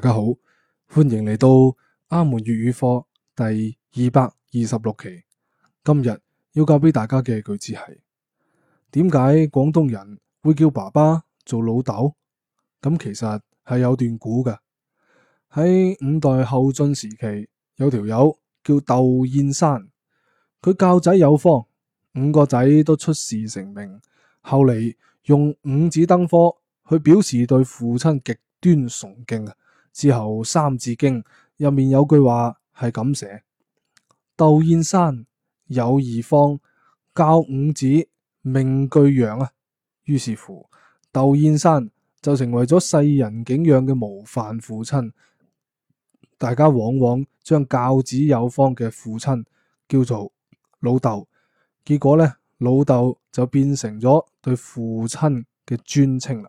大家好，歡迎嚟到阿門粵語課第二百二十六期。今日要教俾大家嘅句子係：點解廣東人會叫爸爸做老竇？咁其實係有段古㗎。喺五代後晉時期，有條友叫竇燕山，佢教仔有方，五個仔都出仕成名。後嚟用五子登科去表示對父親極端崇敬啊！之後《三字經》入面有句話係咁寫：竇燕山有義方，教五子名俱揚啊！於是乎，竇燕山就成為咗世人敬仰嘅模範父親。大家往往將教子有方嘅父親叫做「老竇」，結果呢，「老竇」就變成咗對父親嘅尊稱啦。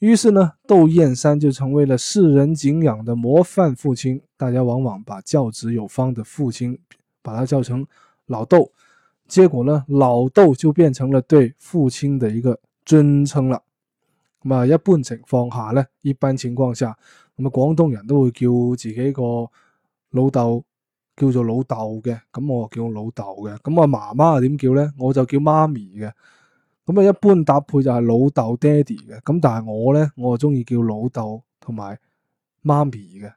於是呢，竇燕山就成為了世人敬仰的模範父親。大家往往把教子有方的父親，把他叫成老竇。結果呢，老竇就變成了對父親的一個尊稱了。咁啊，一般情況下呢，一般情況下，咁啊，廣東人都會叫自己個老豆，叫做老豆嘅。咁我叫老豆嘅。咁啊，媽媽點叫呢？我就叫媽咪嘅。咁啊，一般搭配就係老豆爹哋嘅，咁但係我呢，我就中意叫老豆同埋媽咪嘅。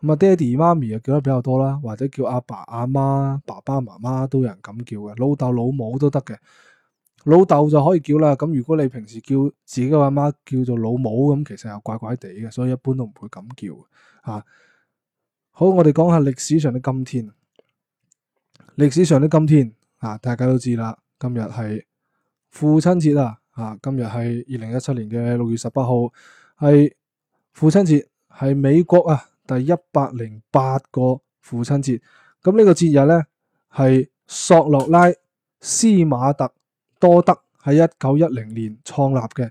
咁啊，爹哋媽咪啊叫得比較多啦，或者叫阿爸阿媽、爸爸媽媽都有人咁叫嘅，老豆老母都得嘅。老豆就可以叫啦。咁如果你平時叫自己嘅阿媽叫做老母，咁其實又怪怪地嘅，所以一般都唔會咁叫啊。好，我哋講下歷史上的今天。歷史上的今天啊，大家都知啦，今日係。父親節啊，啊，今日係二零一七年嘅六月十八號，係父親節，係美國啊第一百零八個父親節。咁呢個節日呢，係索洛拉·斯馬特多德喺一九一零年創立嘅。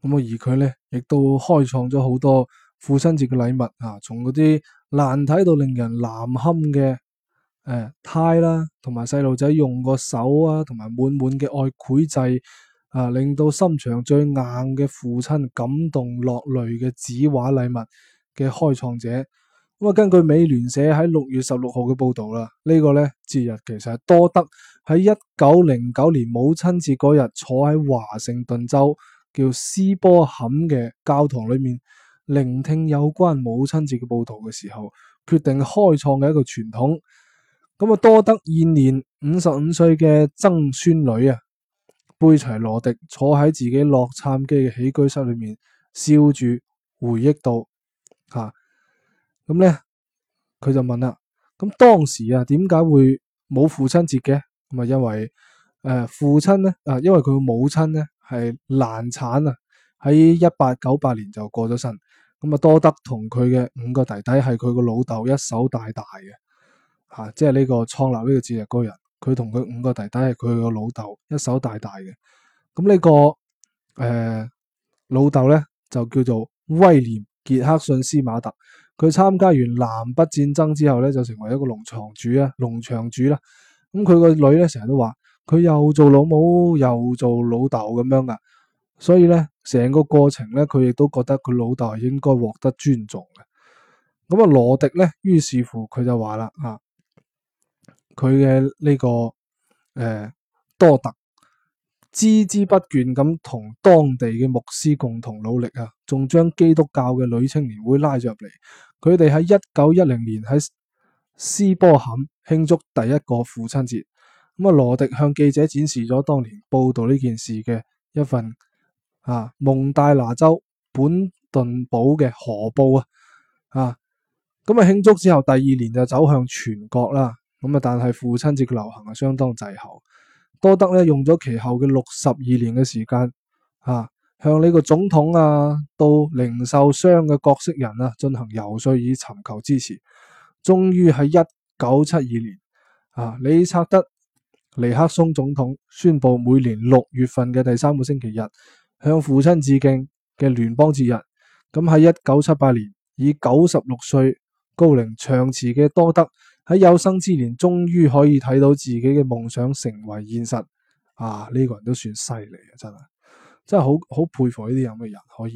咁啊，而佢呢，亦都開創咗好多父親節嘅禮物啊，從嗰啲難睇到令人難堪嘅。誒胎啦，同埋細路仔用個手啊，同埋滿滿嘅愛繪製啊，令到心腸最硬嘅父親感動落淚嘅指畫禮物嘅開創者。咁、嗯、啊，根據美聯社喺六月十六號嘅報導啦，呢、這個呢節日其實係多德喺一九零九年母親節嗰日坐喺華盛頓州叫斯波坎嘅教堂裏面聆聽有關母親節嘅報導嘅時候，決定開創嘅一個傳統。咁啊，多德現年五十五歲嘅曾孫女啊，貝齊羅迪坐喺自己洛杉磯嘅起居室裏面，笑住回憶道吓，咁咧佢就問啦，咁、啊、當時啊點解會冇父親節嘅？咁、呃、啊，因為誒父親咧啊，因為佢母親咧係難產啊，喺一八九八年就過咗身。咁啊，多德同佢嘅五個弟弟係佢個老豆一手帶大嘅。吓、啊，即係呢個創立呢個節日嗰人，佢同佢五個弟，弟，弟係佢個老豆一手大大嘅。咁、嗯這個呃、呢個誒老豆咧就叫做威廉傑克遜斯馬特。佢參加完南北戰爭之後咧，就成為一個農場主啊，農場主啦、啊。咁佢個女咧成日都話，佢又做老母又做老豆咁樣噶、啊。所以咧，成個過程咧，佢亦都覺得佢老豆係應該獲得尊重嘅。咁、嗯、啊，羅迪咧，於是乎佢就話啦，啊。佢嘅呢個誒、呃、多特孜孜不倦咁同當地嘅牧師共同努力啊，仲將基督教嘅女青年會拉咗入嚟。佢哋喺一九一零年喺斯波坎慶，慶祝第一個父親節。咁、嗯、啊，羅迪向記者展示咗當年報導呢件事嘅一份啊蒙大拿州本頓堡嘅河報啊啊！咁、嗯、啊，慶祝之後第二年就走向全國啦。啊咁啊！但係父親節流行係相當滯後，多德咧用咗其後嘅六十二年嘅時間啊，向你個總統啊到零售商嘅角色人啊進行遊說，以尋求支持，終於喺一九七二年啊，理查德尼克松總統宣布每年六月份嘅第三個星期日向父親致敬嘅聯邦節日。咁喺一九七八年，以九十六歲高齡長辭嘅多德。喺有生之年，終於可以睇到自己嘅夢想成為現實。啊，呢、這個人都算犀利啊，真係真係好好佩服呢啲咁嘅人，可以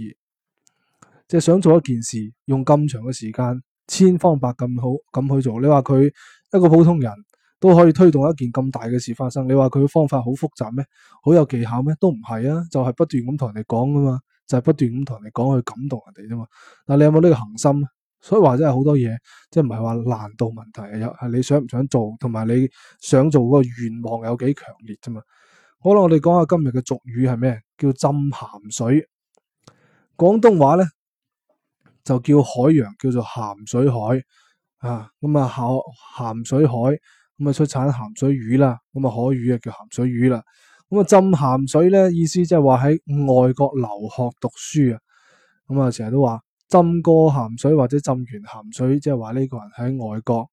即係、就是、想做一件事，用咁長嘅時間，千方百咁好咁去做。你話佢一個普通人都可以推動一件咁大嘅事發生。你話佢方法好複雜咩？好有技巧咩？都唔係啊，就係、是、不斷咁同人哋講噶嘛，就係、是、不斷咁同人哋講去感動人哋啫嘛。嗱，你有冇呢個恒心？所以話真係好多嘢，即係唔係話難度問題，有係你想唔想做，同埋你想做嗰個願望有幾強烈啫嘛。好啦，我哋講下今日嘅俗語係咩，叫浸鹹水。廣東話咧就叫海洋，叫做鹹水海啊。咁、嗯、啊，鹹鹹水海咁啊、嗯、出產鹹水魚啦。咁、嗯、啊，海魚啊叫鹹水魚啦。咁、嗯、啊，浸鹹水咧意思即係話喺外國留學讀書啊。咁、嗯、啊，成、嗯、日都話。浸過鹹水或者浸完鹹水，即係話呢個人喺外國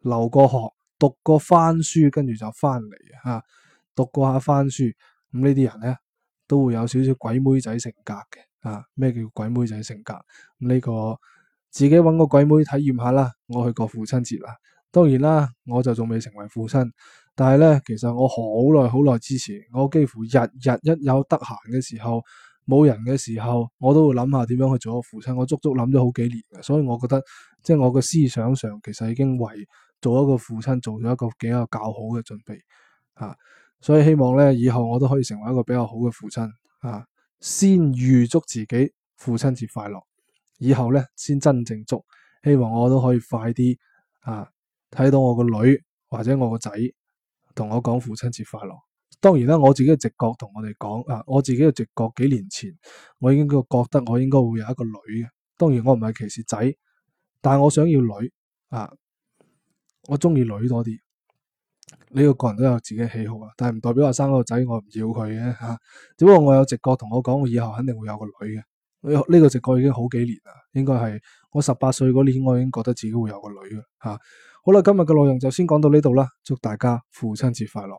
留過學，讀過番書，跟住就翻嚟嚇，讀過下番書，咁呢啲人呢，都會有少少鬼妹仔性格嘅。嚇、啊、咩叫鬼妹仔性格？呢、嗯，呢個自己揾個鬼妹體驗下啦。我去過父親節啦，當然啦，我就仲未成為父親，但係呢，其實我好耐好耐之前，我幾乎日日一有得閒嘅時候。冇人嘅時候，我都會諗下點樣去做個父親。我足足諗咗好幾年，所以我覺得即係我嘅思想上，其實已經為做一個父親做咗一個比較較好嘅準備啊。所以希望咧，以後我都可以成為一個比較好嘅父親啊。先預祝自己父親節快樂，以後咧先真正祝。希望我都可以快啲啊，睇到我個女或者我個仔同我講父親節快樂。當然啦，我自己嘅直覺同我哋講，啊，我自己嘅直覺，幾年前我已經覺得我應該會有一個女嘅。當然我唔係歧視仔，但係我想要女，啊，我中意女多啲。呢個個人都有自己喜好啊，但係唔代表我生個仔我唔要佢嘅吓。只不過我有直覺同我講，我以後肯定會有個女嘅。呢個直覺已經好幾年啦，應該係我十八歲嗰年，我已經覺得自己會有個女嘅吓、啊。好啦，今日嘅內容就先講到呢度啦，祝大家父親節快樂。